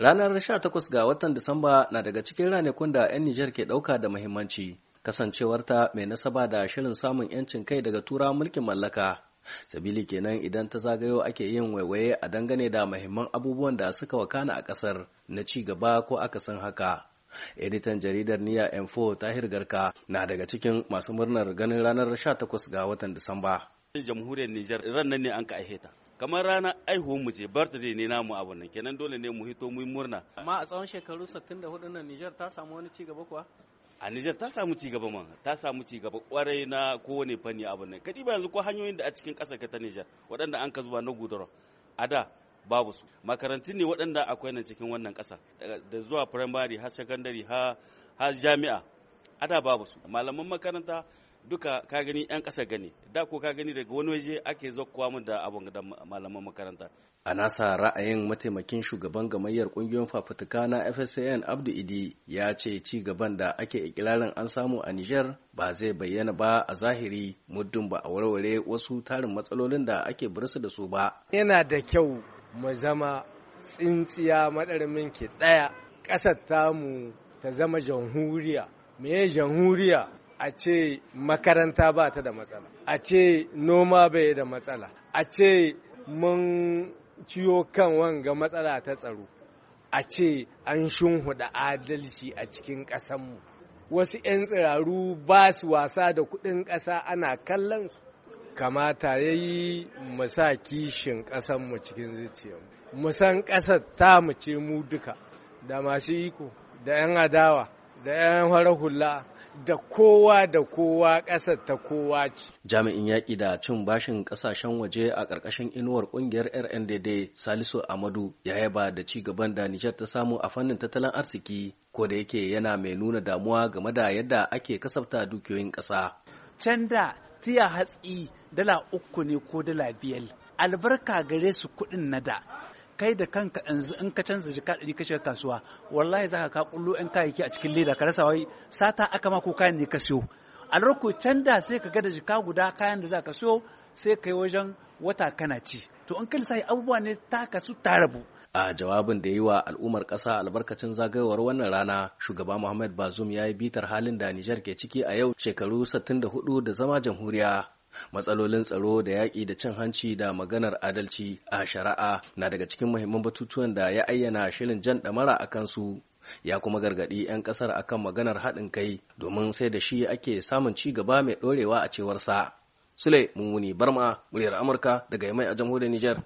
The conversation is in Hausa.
Ranar 18 ga watan Disamba na daga cikin ranakun da 'yan Nijar ke ɗauka da muhimmanci, kasancewarta mai nasaba da shirin samun 'yancin kai daga tura mulkin mallaka. Sabili kenan idan ta zagayo ake yin waiwaye a dangane da muhimman abubuwan da suka wakana a ƙasar na ci gaba ko san haka. editan jaridar niya m4 tahir garka na daga cikin masu murnar ganin ranar 18 ga watan disamba jamhuriyar nijar ran nan ne an ka aiheta. kamar rana aihuwar mu ce birthday ne namu abun nan kenan dole ne mu hito mu murna amma a tsawon shekaru 64 nan Niger ta samu wani ci gaba kuwa a Niger ta samu ci gaba man ta samu ci gaba kwarai na kowane fanni abun nan kadi ba yanzu ko hanyoyin da a cikin kasar ka ta Niger waɗanda an ka zuwa na gudura a da babu su makarantun ne waɗanda akwai nan cikin wannan ƙasa da zuwa firamare har sakandare har jami'a ada babu su malaman makaranta duka ka gani yan ƙasa gani da ko ka gani daga wani waje ake zakkuwa mu da abun da malaman makaranta a nasa ra'ayin mataimakin shugaban gamayyar kungiyoyin fafutuka na FSN Abdu Idi ya ce ci gaban da ake ikirarin an samu a Niger ba zai bayyana ba a zahiri muddin ba a warware wasu tarin matsalolin da ake burusu da su ba yana da kyau mu zama tsintsiya madarmin ki daya kasar tamu ta zama jamhuriya me jamhuriya a ce makaranta ba ta da matsala a ce noma bai da matsala a ce mun ciyo kan wanga matsala ta tsaro a ce an shunhuda adalci a cikin ƙasanmu wasu 'yan tsiraru ba su wasa da kuɗin ƙasa ana kallon kamata ya yi sa kishin ƙasanmu cikin zuciyarmu mu san ta mu ce mu duka da masu iko da 'yan adawa da 'yan hula da kowa da kowa ƙasar ta kowa ce. Jami'in yaƙi da cin bashin ƙasashen waje a ƙarƙashin inuwar ƙungiyar RNDD Salisu Amadu ya yaba da ci gaban da Nijar ta samu a fannin tattalin arziki ko da yake yana mai nuna damuwa game da yadda ake kasafta dukiyoyin ƙasa. Can da tiya hatsi dala uku ne ko dala biyar albarka gare su kuɗin na da kai da kanka in ka canza jika ɗari ka shiga kasuwa wallahi za ka ka kullo ƴan kayayyaki a cikin leda ka rasa wai sata aka ma ko kayan ne ka siyo a rako canza sai ka ga da jika guda kayan da za ka siyo sai kai wajen wata kana ci to in ka lissafi abubuwa ne ta ka su ta rabu a jawabin da yi wa al'ummar ƙasa albarkacin zagayowar wannan rana shugaba muhammad bazum ya yi bitar halin da nijar ke ciki a yau shekaru 64 da zama jamhuriya matsalolin tsaro da yaƙi da cin hanci da maganar adalci a shari'a na daga cikin muhimman batutuwan da ya ayyana shirin jan ɗamara a kansu ya kuma gargaɗi 'yan ƙasar akan maganar haɗin kai domin sai da shi ake samun ci gaba mai ɗorewa a cewarsa. Sule Mummuni Barma, muryar Amurka daga Yamai a jamhuriyar Nijar.